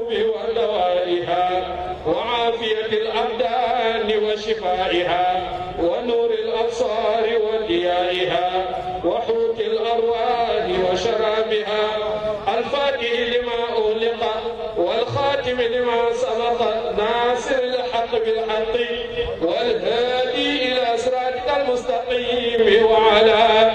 ودوائها وعافية الأبدان وشفائها ونور الأبصار وديائها وحوت الأرواح وشرابها الفاتح لما أغلق والخاتم لما سبق ناصر الحق بالحق والهادي إلى صراطك المستقيم وعلى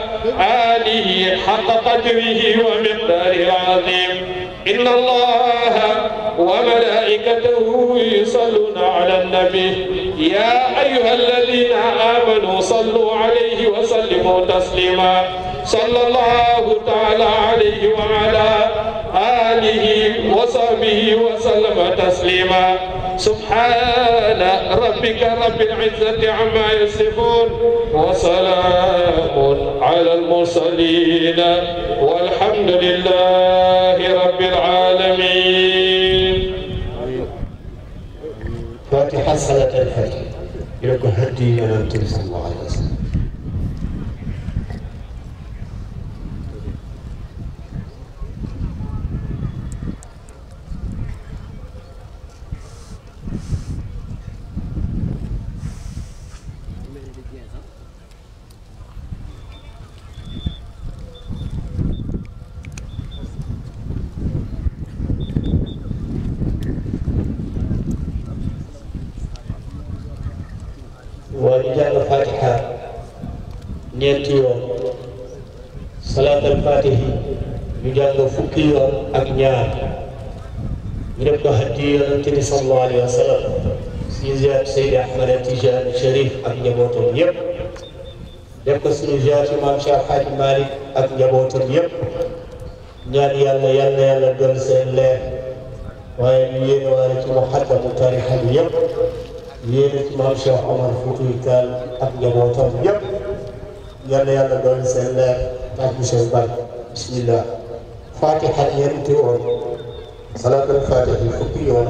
آله حق قدره ومقداره العظيم إن الله وملائكته يصلون على النبي يا أيها الذين آمنوا صلوا عليه وسلموا تسليما صلى الله تعالى عليه وعلى آله وصحبه وسلم تسليما سبحان ربك رب العزة عما يصفون وسلام على المرسلين والحمد لله رب العالمين قد صلاة الفجر يلقى هدي أنا صلى الله عليه وسلم ci maam Cheikh Alhaji Malick ak njabootam yépp ñaan yàlla yàlla yàlla doon seen leer waaye ñu yéene waale ci muxaddamu tarixa bi yépp yéene ci maam Cheikh Omar Fouti Tall ak njabootam yépp yàlla yàlla doon seen leer ak bi seen barke bismillah fatiha ñeenti woon salaatul fatihi fukki yoon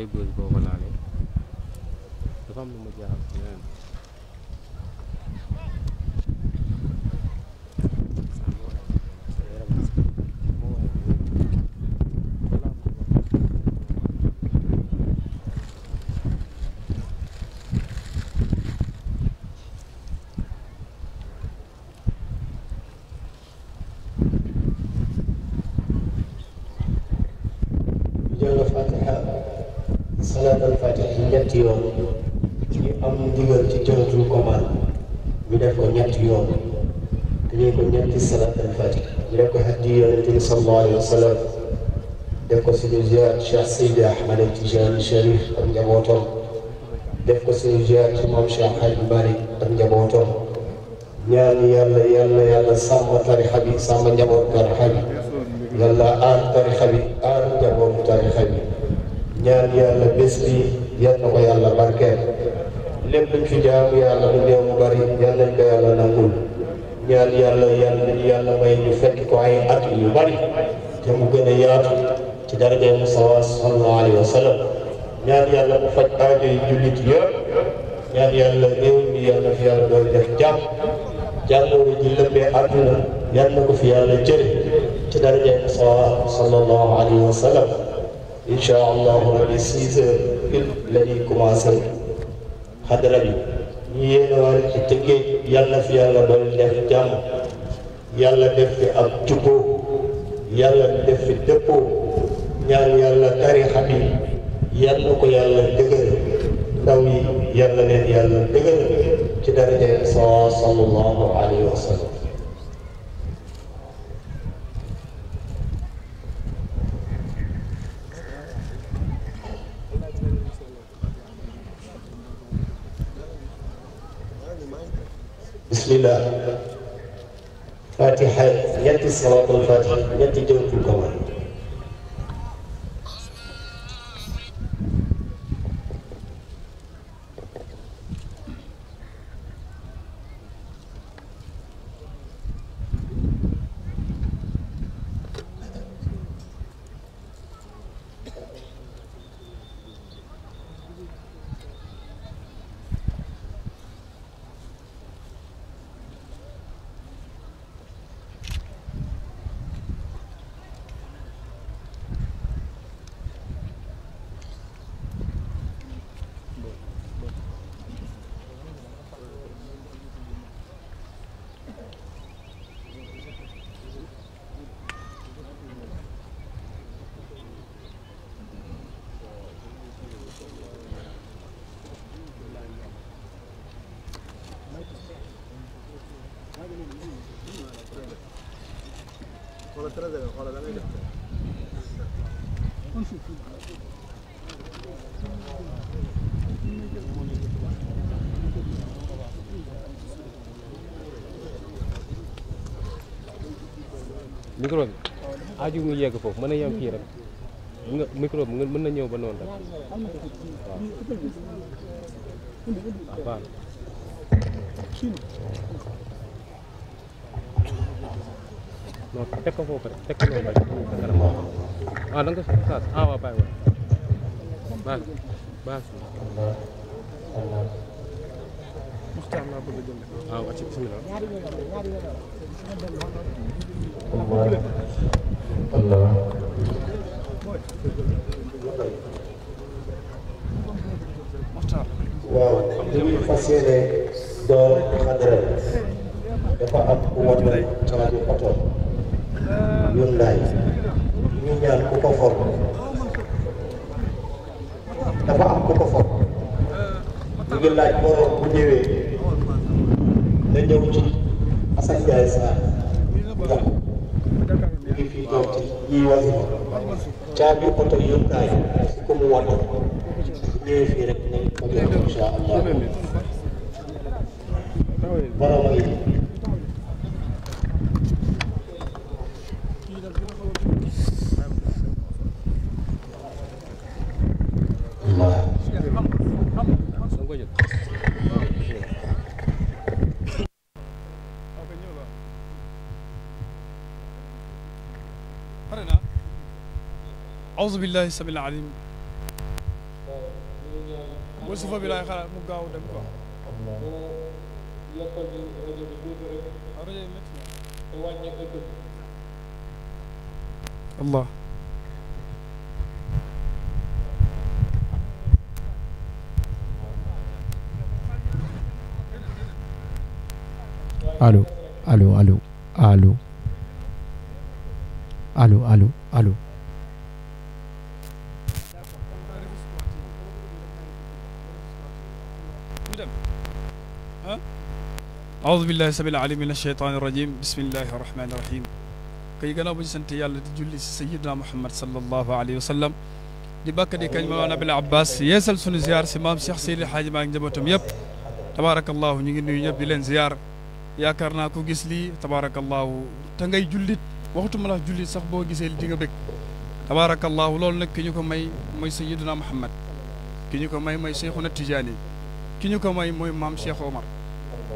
से भी उसको बनाने तो हम मुझे आप ñetti yoon ñu am ndigal ci joxatul commande ñu def ko ñetti yoon dañuy ko ñetti salaat al fatiha ñu def ko haddi yonent bi sallallahu alayhi wa sallam def ko suñu ziar Cheikh Seydi Ahmad Tijani Cherif ak njabootam def ko suñu ziar ci moom Cheikh Hadj Bari ak njabootam ñaan yàlla yàlla yàlla sàmm tarixa bi sàmm njaboot tarixa bi yàlla aar tarixa bi aar njaboot tarixa bi ñaan yàlla bés bi yal na ko yàlla barkeel lépp luñ fi jaamu yàlla du dee mu bari yal nañ ko yàlla nangul ñaan yàlla yàlla yàlla may ñu fekk ko ay at yu bari te mu gën yaatu ci darajay Mustafa sallallahu alayhi wa sallam ñaan yàlla mu faj aajo yi jullit yëpp ñaan yàlla réew mi yàlla fi yàlla doon def jàmm jàngoro ji lëmbee àdduna yàlla ko fi yàlla jële ci darajay Mustafa sallallahu alayhi wa sallam انشاءالله ولی سیز کل لی کماسه خدربی یه نوار اتکه یالا فیالا بال دفتم یالا دفتر ابتدو یالا دفتر دپو یال یالا تاریخی یالو کیالا دگر داوی یالا نه یالا دگر چه درجه سال الله علیه وسلم salaatul faatihi ñetti déwén pour ko ายุงเยอะกับผมมันยังพีรักมึไม่ครบมึงมันนยบนนนท์นอนเทคโนโลยีเทคโนโลยีอะไรมาอ่านงก็สัตว์เอาไปวะบ้านบ้าน muxtaar ah, waaw waaw li muy fas door xadra dafa am ku wàllu tawaaju oto Hyundai ñu ñaan ku ko for dafa am ku ñu ngi laaj borom bu ñëwee na ñëw ci Assane Ndiaye Sarr ndax ñu ngi fii toog ci ñiy wasifa caabi oto yënkaay ku mu wàtt ñëwee fii rek nañ ko jox incha allah borom yi أعوذ بالله السميع العليم وصف بالله خلق مقاو دمقا الله الو الو الو الو الو الو الو أعوذ بالله سبيل العلي من الشيطان الرجيم بسم الله الرحمن الرحيم كي غنا بو سنت يالا دي جولي سيدنا محمد صلى الله عليه وسلم دي باك دي كاج مولانا ابن عباس يسال سن زيار سي مام شيخ سيدي حاج ماك جابوتم ييب تبارك الله ني نيو ييب دي لين زيار ياكارنا كو غيس لي تبارك الله تا غاي جوليت وقت ملا جوليت صاح بو غيسيل ديغا بك تبارك الله لول نك كي نيوكو ماي موي سيدنا محمد كي نيوكو ماي موي شيخنا تيجاني كي نيوكو ماي موي مام شيخ عمر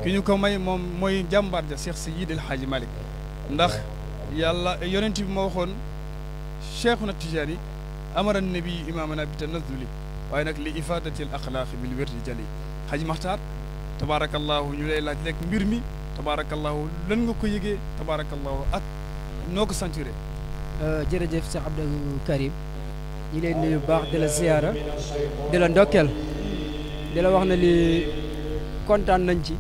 كنو كماي مم مي جنبار الشيخ سيد الحاج مالك نخ يلا يرنتي موهون شيخنا التجاري أمر النبي إمامنا بتنزل وينك لإفادة الأخلاق بالبر الجلي حاج مختار تبارك الله يلي لا تلك ميرمي تبارك الله لنغو كيجي تبارك الله أك نوك سانتوري جرجف سي عبد الكريم يلي نيو باخ دي لا زياره دي لا ndokel دي لا واخنا لي كونتان نانجي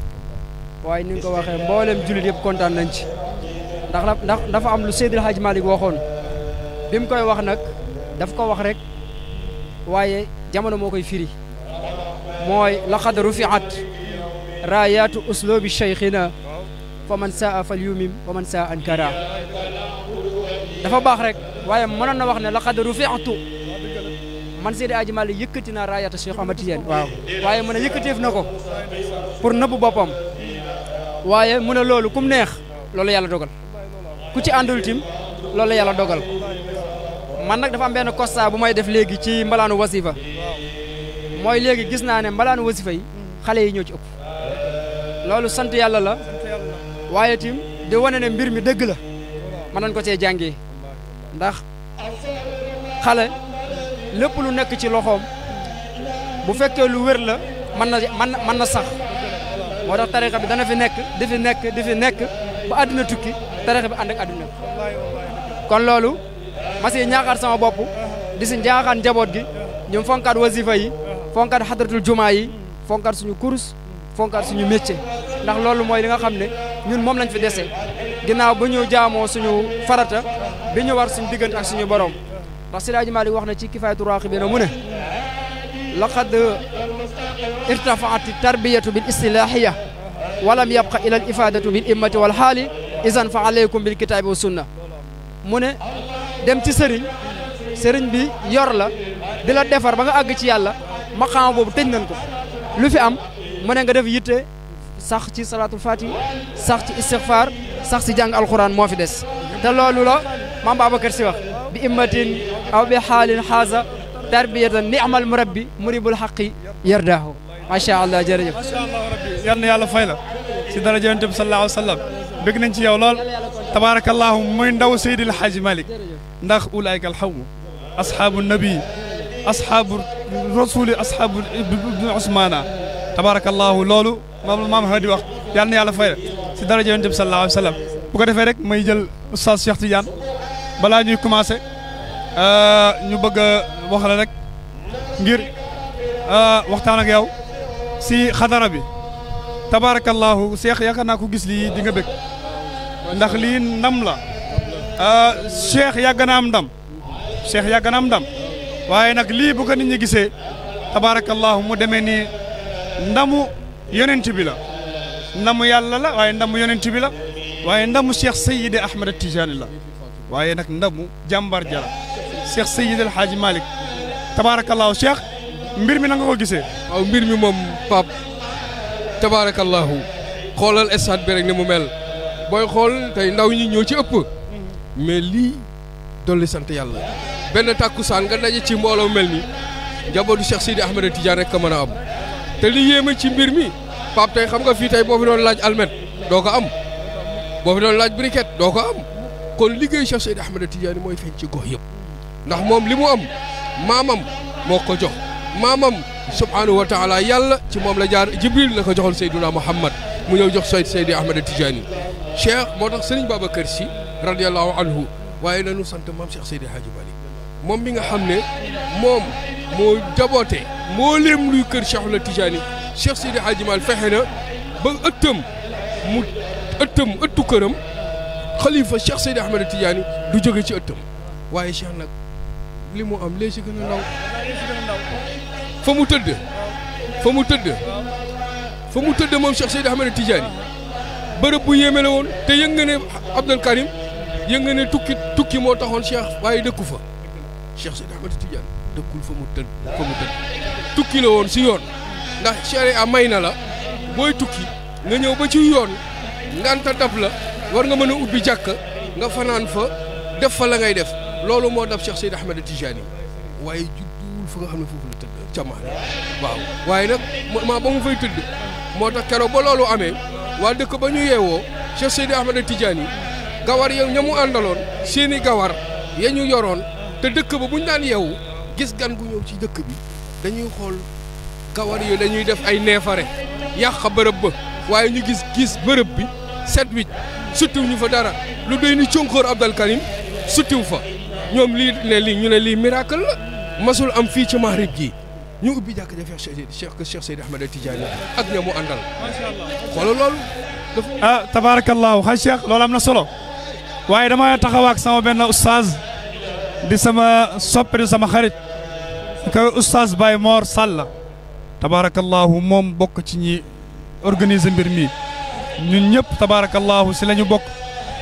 waaye ni nga ko waxee mboolem jullit yëpp kontaan nañ ci ndax ndax dafa am lu Seydil Hadj Malick waxoon bi mu koy wax nag daf ko wax rek waaye jamono moo koy firi mooy laqad rufiat raayaatu uslubi cheikhina fa man saa fal yumim fa man saa ankara dafa baax rek waaye mënoon na wax ne laqad rufiatu man Seydi Aji Malick yëkkati naa raayaatu Cheikh Amadou Tidiane waaw waaye mën a yëkkateef na ko pour nëbb boppam waaye mun ne loolu kum neex loolu yàlla dogal ku ci àndul tim loolu yàlla dogal man nag dafa am benn constat bu may def léegi ci mbalaanu wasifa mooy léegi gis naa ne mbalaanu wasifa yi xale yi ñoo ci ëpp loolu sant yàlla la waaye tim di wane ne mbir mi dëgg la mën nañ ko cee jàngee ndax xale lépp lu nekk ci loxoom bu fekkee lu wér la mën na mën na sax moo tax tarixa bi dana fi nekk di fi nekk di fi nekk ba àdduna tukki tarixa bi ànd ak àdduna kon loolu ma siy ñaaxaat sama bopp di si ñaaxaat njaboot gi ñun fonkaat wasifa yi fonkaat xadratul jumaa yi fonkaat suñu kurus fonkaat suñu métier ndax loolu mooy li nga xam ne ñun moom lañ fi dese ginnaaw ba ñu jaamoo suñu farata bi ñu war suñu diggante ak suñu borom ndax Seydi Hadji Malick wax na ci bi Raaxibiina mu ne laqad ارتفعت التربية بالإصلاحية ولم يبقى إلى الإفادة بالإمة والحال إذن فعليكم بالكتاب والسنة من دم تسرين سرين بي يرلا دلا دفر بغا أغي تي يالا مقام بوب تنن كو لو في أم من نغا دف يته ساختي تي صلاة الفاتي ساخ تي استغفار ساخ تي القرآن مو تلو لولا مام بابا كرسي وخ بإمة أو بحال حازة تربية نعم المربي مريب الحق يرداه ما شاء الله jërëjëf. macha allah rabbi yal na yàlla fay la si daraja yonent bi sallallahu alayhi wa sallam bëgg nañ ci yow lool tabaarakallahu muy ndaw Seydil Hadji Malick ndax ulaayka alxawmu asxaabu nabi asxaabu rasuli asxaabu ibnu Usmaana tabaarakallahu loolu moom maam xa di wax yal na yàlla fay la si daraja yonent bi sallallahu alayhi wa sallam bu ko defee rek may jël oustaz Cheikh Tidiane balaa ñuy commencé ñu bëgg wax la rek ngir ah, waxtaan ak yow si xadara bi tabaarakallaahu seex yaakaar naa ko gis lii dinga nga ndax lii ndam la seex ah, yàgg na am ndam seex yàgg na am ndam waaye nag lii bu ko ñi gisee tabaarakallaahu mu demee nii ndamu yonent bi la ndamu yàlla la waaye ndamu yonent bi la waaye ndamu seex Sayyidi Ahmed Tijaani la waaye nag ndamu jàmbar jara Cheikh Seydi El xaaji Malick tabaarakallaahu Cheikh mbir mi na nga ko gisee. waaw mbir mi moom Pape tabaarakallaahu xoolal stade bi rek ni mu mel booy xool tey ndaw ñi ñoo ci ëpp mais lii dolli sant yàlla benn tàkkusaan nga daje ci mbooloo mel ni njabootu Cheikh Seydi Ahmed Tidiane rek ka mën a am te li yéeme ci mbir mi Pape tey xam nga fii tey boo fi doon laaj almet doo ko am boo fi doon laaj briquette doo ko am kon liggéey Cheikh Seydi Ahmed Tidiane mooy feeñ ci gox yëpp. ndax moom li mu am maamam moo ko jox maamam subhaanahu wa taala yàlla ci moom la jaar jibril la ko joxoon sayduna muhammad mu ñëw jox soy saydi ahmad tijaani cheikh moo tax sëriñ babacar si radiallahu anhu waaye nanu sant maam cheikh seydi haaji moom mi nga xam ne moom moo jaboote moo léem luy kër cheikh la tijaani cheikh seydi haaji malik na ba ëttam mu ëttam ëttu këram xalifa cheikh seydi ahmad tijaani du jóge ci ëttam waaye cheikh nag li mu am léegi gën a fa mu tëdd fa mu tëdd fa mu tëdd moom Cheikh Seydi Ahmed Tidiane bërëb bu yéeme la woon te yëg nga ne Abdul Karim yëg nga ne tukki tukki moo taxoon Cheikh waaye dëkku fa Cheikh Seydi Ahmed dëkkul fa mu tëdd fa tukki la woon si yoon ndax Cheikh a may na la booy tukki nga ñëw ba ci yoon nganta dab la war nga mën a ubbi jàkka nga fanaan fa def fa la ngay def loolu moo dab Cheikh Seyd Ahmed Tijani waaye judduwul fu nga xam ne foofu la tëdd ca Maana waaw waaye nag ma ba mu fay tëdd moo tax keroog ba loolu amee waa dëkk ba ñu yeewoo Cheikh Seyd Ahmed Tijani gawar yow ña mu àndaloon seeni gawar ya ñu yoroon te dëkk ba bu ñu daan yeewu gis gan gu ñëw ci dëkk bi dañuy xool gawar yi dañuy def ay neefare yàq bërëb ba waaye ñu gis gis bërëb bi set wicc suttiw ñu fa dara lu doy ni conkoor Abdal Karim suttiw fa ñoom lii ne lii ñu ne lii miracle la masul am fii ci Maarib gi ñu ubbi jàkk ja Cheikh Cheikh Cheikh Seydi Ahmed Tidiane ak ñamu àndal xoolal loolu. ah tabaarakallaahu xay Cheikh loolu am na solo waaye dama taxawaak ak sama benn oustaz di sama soppe sama xarit ka oustaz baay Mor Sall tabaarakallaahu moom bokk ci ñi organiser mbir mi ñu ñëpp tabaarakallaahu si la ñu bokk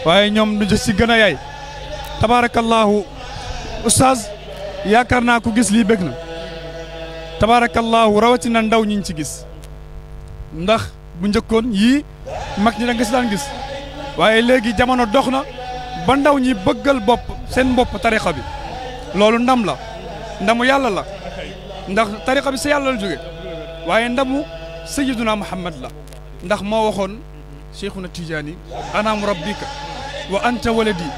waaye ñoom du ci gën a yaay tabaarakallaahu oustaz yaakaar naa ko gis lii bëgg na tabaarakallaahu rawatina ndaw ñi ñu ci gis ndax bu njëkkoon yii mag ñi da nga si gis waaye léegi jamono dox na ba ndaw ñi bëggal bopp seen bopp tarixa bi loolu ndam la ndamu yàlla la ndax tarixa bi sa yàlla jóge waaye ndamu sayiduna muhammad la ndax moo waxoon na tijaani anaamu rabbika wa anta waladi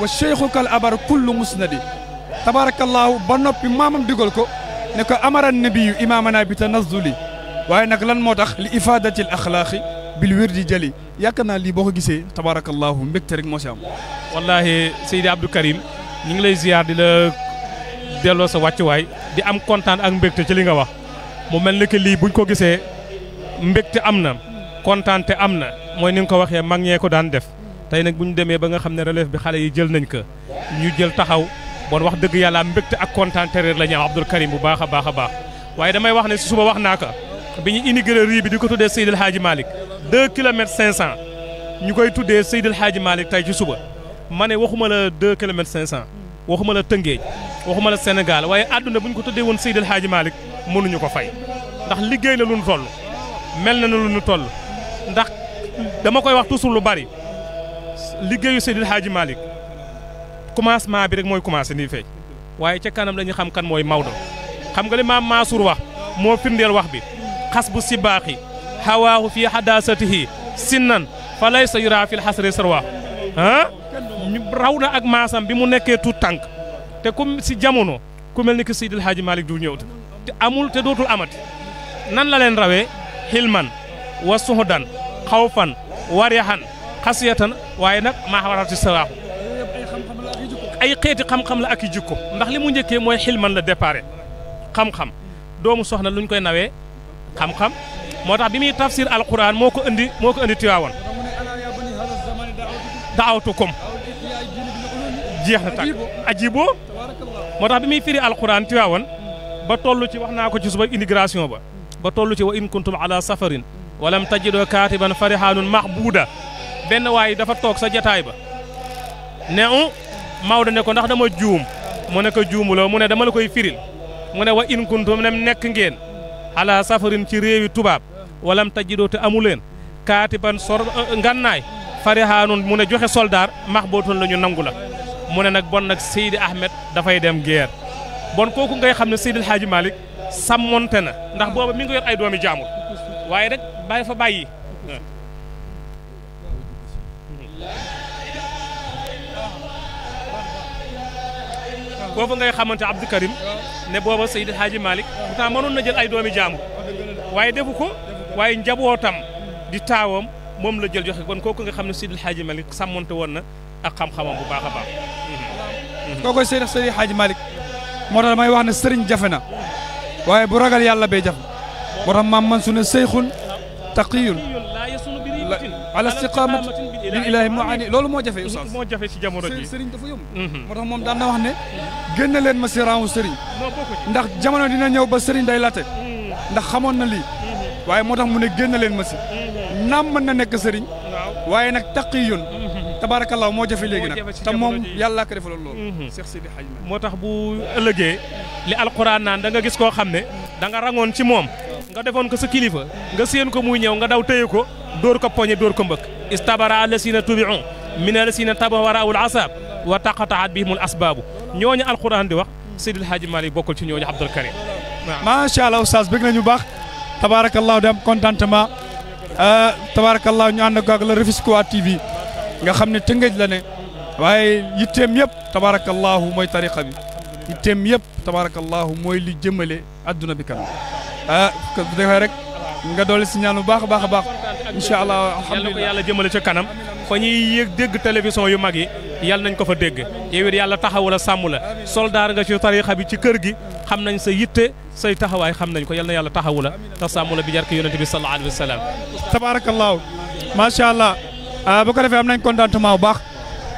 wa cheikhuka kal abar kullu di tabaarakallaahu ba noppi maamam digal ko ne ko amara nabiyu imaamana bi tanazuli waaye nag lan moo tax li ifaadati l axlaaqi bil wirdi jëli yaakaar naa lii boo ko gisee tabaarakallaahu mbégte rek moo si am wallaahi Seydi Abdou Karim ñu ngi lay ziar di la delloo sa wàccuwaay di am kontaan ak mbégte ci li nga wax mu mel ni que lii buñ ko gisee mbégte am na kontaan te am na mooy ni nga ko waxee mag ñee ko daan def tey nag bu ñu demee ba nga xam ne relève bi xale yi jël nañ ko ñu jël taxaw bon wax dëgg yàllaa mbégte ak kontaan tereer la ñu bu baax a baax a baax waaye damay wax ne si suba wax naa ko bi ñu inauguré rue bi di ko tuddee Seydil Hadji Malick 2 kilomètres 500 ñu koy tuddee Seydil Hadji Malick tey ci suba ma ne waxuma la 2 kilomètres 500 waxuma la Tëngéej waxuma la Sénégal waaye àdduna bu ñu ko tuddee woon Seydil Hadji Malick mënuñu ko fay ndax liggéey na lu ñu toll mel na lu ñu toll ndax dama koy wax toujours lu bari liggéeyu Seydil Hadji Malick commencement bi rek mooy commencé nii feeñ waaye ca kanam la xam kan mooy Maodo xam nga li maam Mansour wax moo firndeel wax bi xas bu sibaaxi xawaahu fii xadaasatihi sinnan fa lay sa yuraa fil xasri sarwa ah raw ak maasam bi mu nekkee tuut tànk te comme si jamono ku mel ni que Seydil Hadji Malick du ñëw te amul te dootul amati nan la leen rawee xilman wa suhudan xawfan wariyahan xasiyatan waaye nag maa xawarati saraaxu ay xeeti xam-xam la ak jikko ndax li mu njëkkee mooy xilman la déparé xam-xam doomu soxna luñ koy nawee xam-xam moo tax bi muy tafsir alquran moo ko indi moo ko indi tiwaawoon daawtukum jeex na tàkk ajibo moo tax bi muy firi alquran tiwaawoon ba toll ci wax naa ko ci suba immigration ba ba toll ci wa in kuntum ala safarin walam tajidoo kaatiban farihaanun mahbuda benn waay dafa toog sa jataay ba ne Maodo ne ko ndax dama juum mu ne ko juumuloo mu ne dama la koy firil mu ne wa in kuntum nekk ngeen ala safarin ci réewi tubaab walam tajidoo te amu leen kaatiban sor euh, euh, ngannaay farihaanun mu ne joxe soldaar max bootoon la ñu nangu la mu ne nag bon nag Seydi Ahmed dafay dem guerre bon kooku ngay xam ne Seydi El Hadji Malick na ndax booba mi ngi yor ay doomi jaamur waaye rek bàyyi fa bàyyi. foofu ngay xamante Abdou Karim ne booba sayyid Hadji malik pourtant manon na jël ay doomi jaamu waye defu ko waaye njabootam di tawam mom la jël joxe kon koku nga xamné sayyid Seydi Hadji Malick sàmmonte woon na ak xam-xamam bu baaxa baax koku sayyid sayyid Hadji malik mo tax may wax ne serigne jafena waye bu ragal yàlla bee jafe moo tax maam man su ne seyxun taqiyun ala istiqamati lillahi mu ani loolu moo jafe oustaz moo jafe ci jamono ji sëriñ dafa yomb mhm. moo tax moom daan na wax ne génne leen ma si raawu sëriñ ndax jamono dina ñëw ba sëriñ day latte mhm. ndax xamoon na lii mhm. waaye moo tax mu ne génne leen ma si naam mën na nekk sëriñ waaye nag taqiyun tabaarakallaa moo jafe léegi nag tam moom yàlla ko defal loolu Cheikh Sidi Hadj moo tax bu ëllëgee li alquran naan da nga gis koo xam ne da nga rangoon ci moom nga defoon ko sa kilifa nga séen ko muy ñëw nga daw téye ko dóor ko poñe dóor ko mbëkk istabara alasina tubiu min alasina taba waraawul asab wa taqataat bihimul asbaabu ñooñu alquran di wax Seydil Hadji Malick bokkul ci ñooñu Abdul Karim macha allah oustaz bëgg nañu baax tabarakallah di am contentement tabarakallah ñu ànd ak la Rufisque waa TV nga xam ne tëngëj la ne waaye yitteem yëpp tabarakallahu mooy tariqa bi yitteem yëpp tabarakallahu mooy li jëmale adduna bi kanam ah bu defee nga dolli si ñaan bu baax a baax a baax incha allah alhamdulilah na ko yàlla jëmale ca kanam fa ñuy yëg dégg télévision yu mag yi yal nañ ko fa dégg yow it yàlla taxawu la la soldaar nga ci tariixa bi ci kër gi xam nañ sa yitte sey taxawaay xam nañ ko yal na yàlla taxawu la te sàmm la bi jar ki yonent bi sallallahu alayhi wa sallam. tabaarakallaahu macha allah ah, bu ko defee am nañ contentement bu baax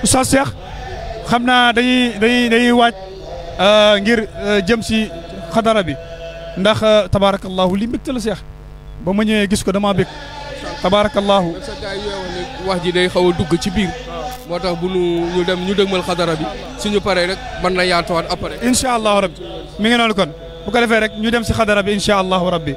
Oustaz xam naa dañuy dañuy dañuy waaj ah, ngir ah, jëm si xadara bi. ndax euh, tabaarakallaahu li mbégte la seex ba ma ñëwee gis ko damaa bég tabaarakallaahu wax ji day xaw a dugg ci biir moo tax bu nu ñu dem ñu dëgmal xadara bi suñu paree rek mën na yaatuwaat après incha allahu rabbi mi ngi noonu kon bu ko defee rek ñu dem si xadara bi incha allahu bi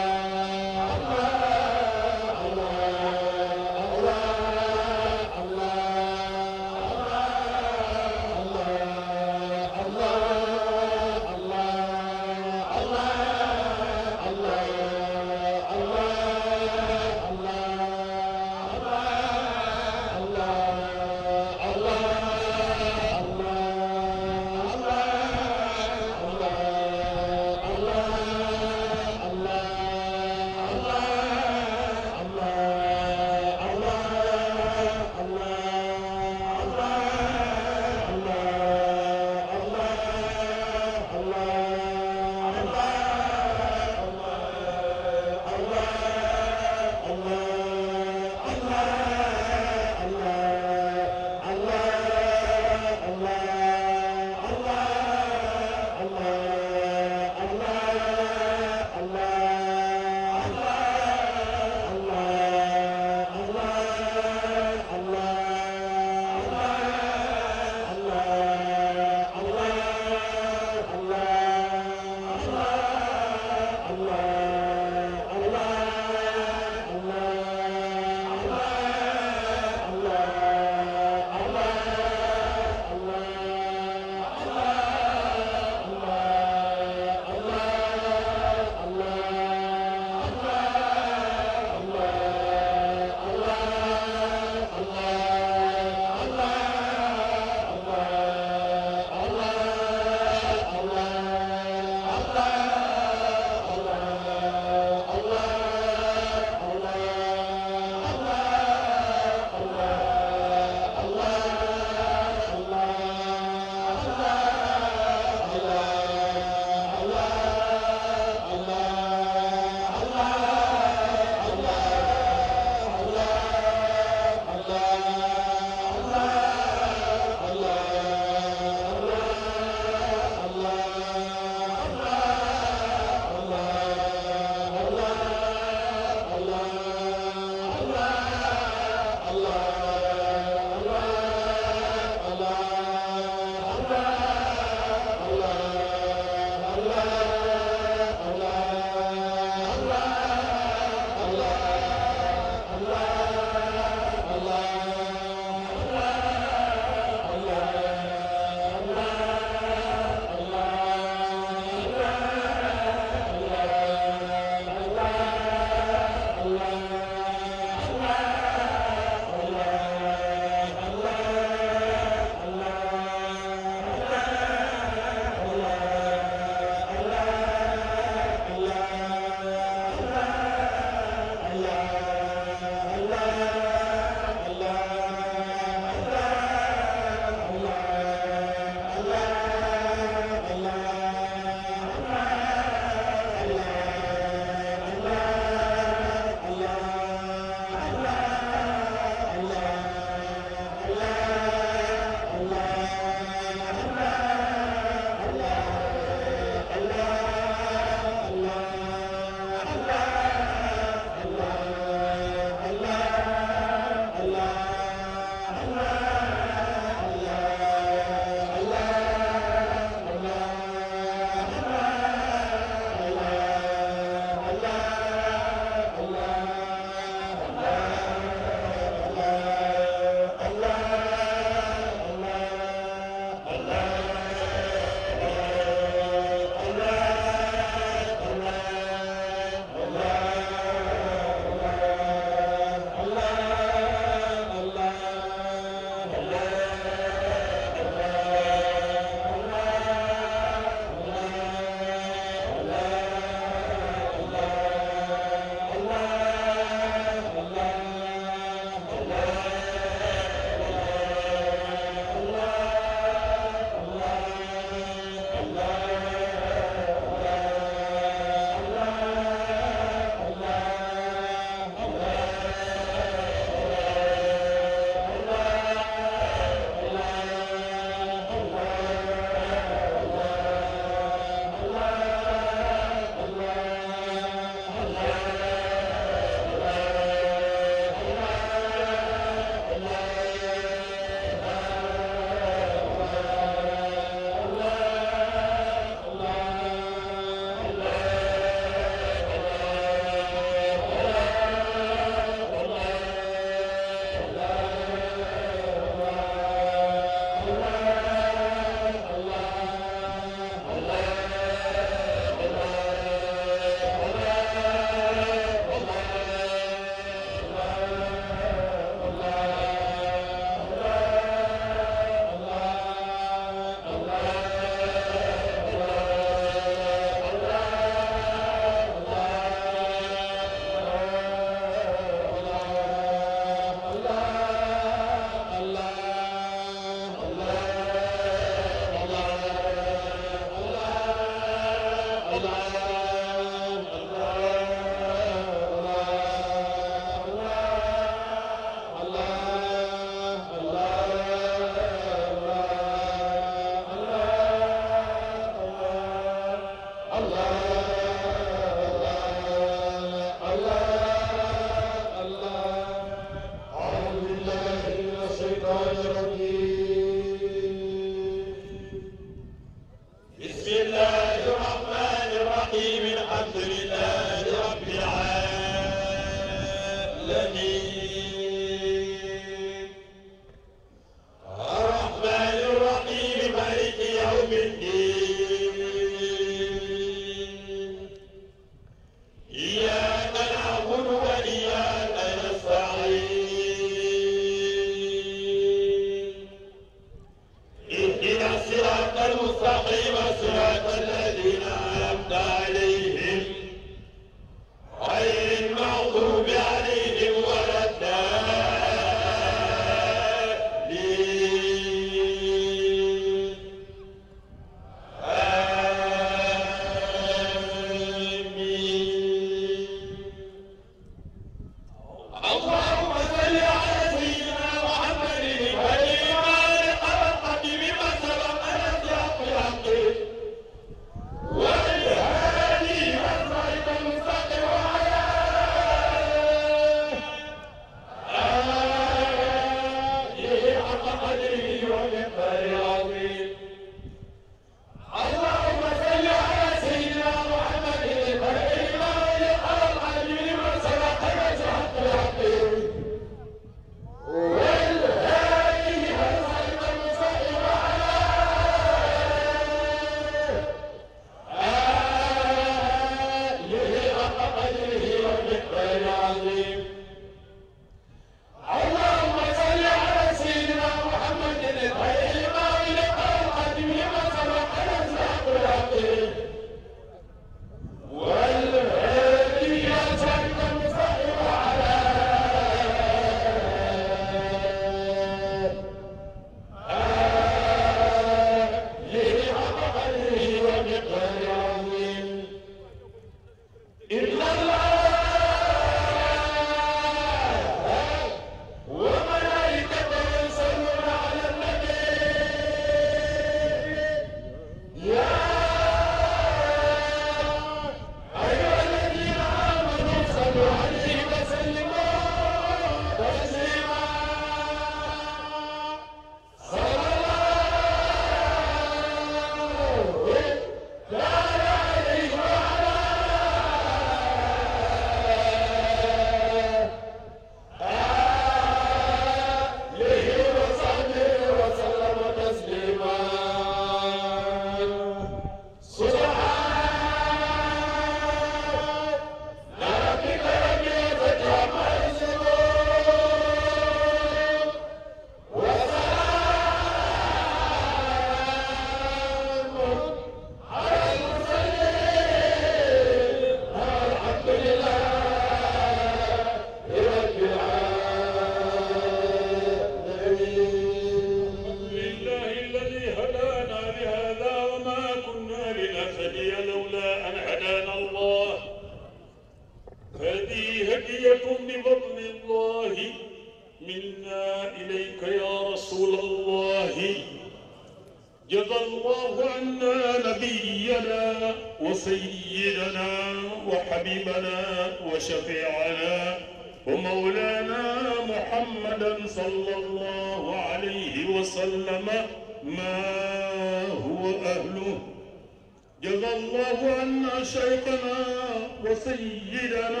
وسيدنا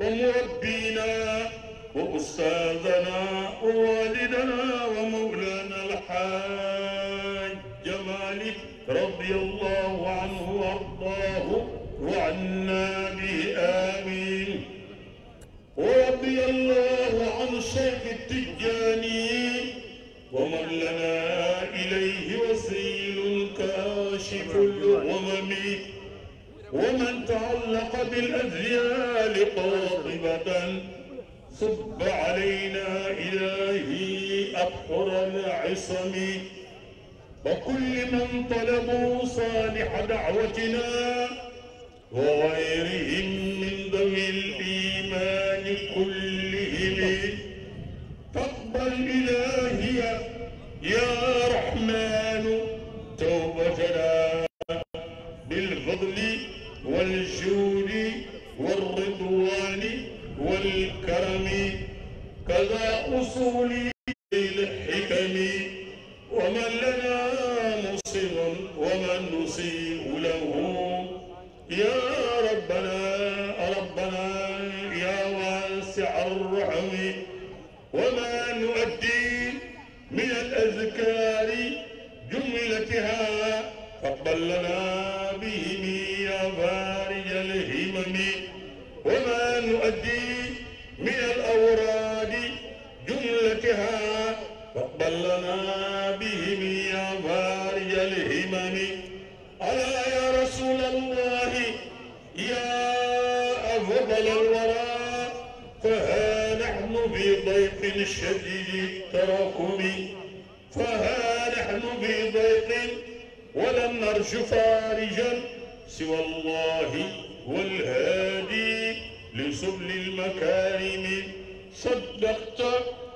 ومربينا وأستاذنا ووالدنا ومولانا الحاج مالك رضي الله عنه وارضاه وعنا به آمين ورضي الله عن شيخ التجاني ومن لنا إليه وسيل كاشف الغمم ومن تعلق بالأذيال قاطبة صب علينا إلهي أبحر العصم وكل من طلبوا صالح دعوتنا وغيرهم من ذوي الإيمان كلهم تقبل إلهي يا رحمن توبتنا والرضوان والكرم كذا أصول الحكم ومن لنا مصر ومن نسيء له يا الشديد التراكم فها نحن بضيق ولم نرج فارجا سوى الله والهادي لسبل المكارم صدقت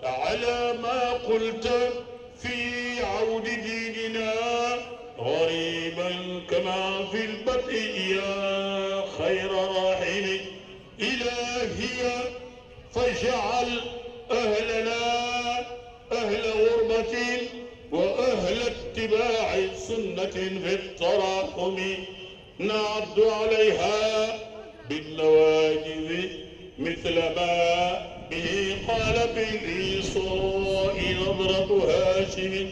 على ما قلت في عود ديننا غريبا كما في البدء يا خير راحل إلهي فاجعل وأهل اتباع سنة في التراحم نعد عليها بالنواجذ مثل ما به قال بالإيصاء نظرة هاشم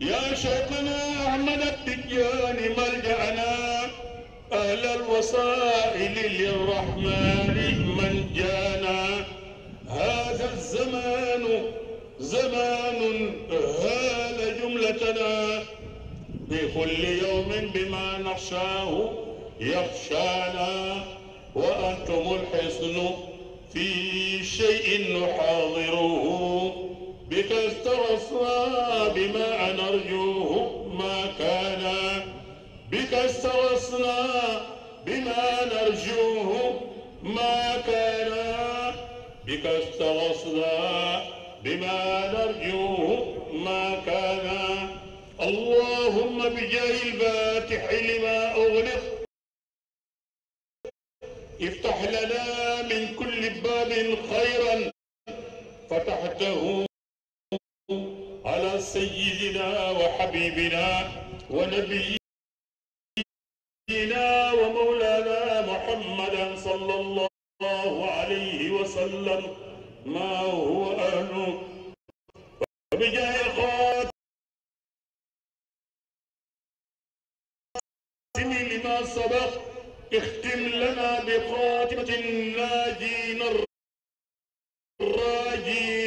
يا شيخنا أحمد التجان ملجأنا أهل الوسائل للرحمن من جانا هذا الزمان زمان هال جملتنا بكل يوم بما نخشاه يخشانا وأنتم الحصن في شيء نحاضره بكثر الصواب بما نرجوه ما كان بك استرسنا بما نرجوه ما كان بك استرسنا بما نرجوه ما كان اللهم بجاه الفاتح لما أغلق افتح لنا من كل باب خيرا فتحته على سيدنا وحبيبنا ونبينا ومولانا محمدا صلى الله عليه وسلم ما هو أهله وبجاه خاتم لما سبق اختم لنا بخاتمة الناجين الراجين